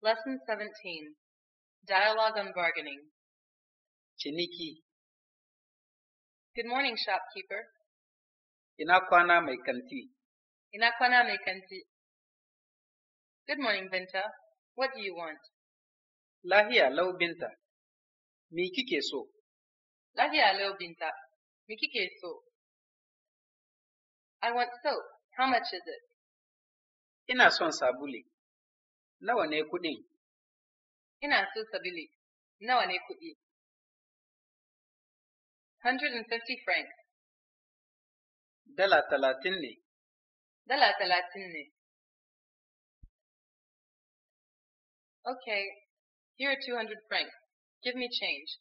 Lesson 17 Dialogue on Bargaining. Ciniki. Good morning, shopkeeper. Inakwana kwana Inakwana kanti. Good morning, Binta. What do you want? Lahiya lau Binta. Miki keso. so? Lahiya lau Binta. Miki keso. so? I want soap. How much is it? Ina son sabuli. Nawa ne kuɗin? Ina so sabili. Nawa ne kuɗi? Hundred and fifty francs. Dala talatin ne. Dala talatin ne. Okay, here are two hundred francs. Give me change.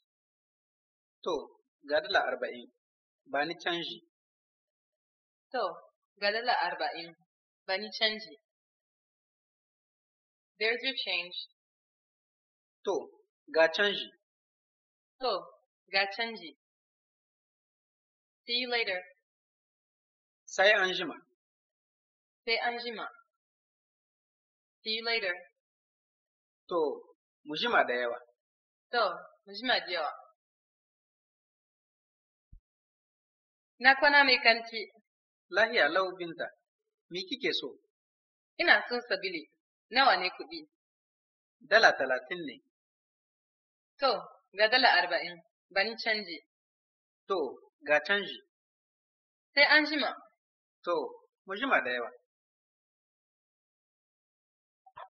To, ga dala arba'in. Ba ni canji. To, ga dala arba'in. Ba ni canji. There's your change. To, ga canji. To, ga canji. See you later. Sai anjima. Sai anjima. See you later. To, mujima da yawa. To, mujima da yawa. Na kwana mai kanti. Lahiya lau binta, me kike so? Ina so sabili. Nawa ne kuɗi? Dala talatin ne. To, ga dala arba'in, bani canji. To, ga canji. Sai an jima. To, mu jima da yawa.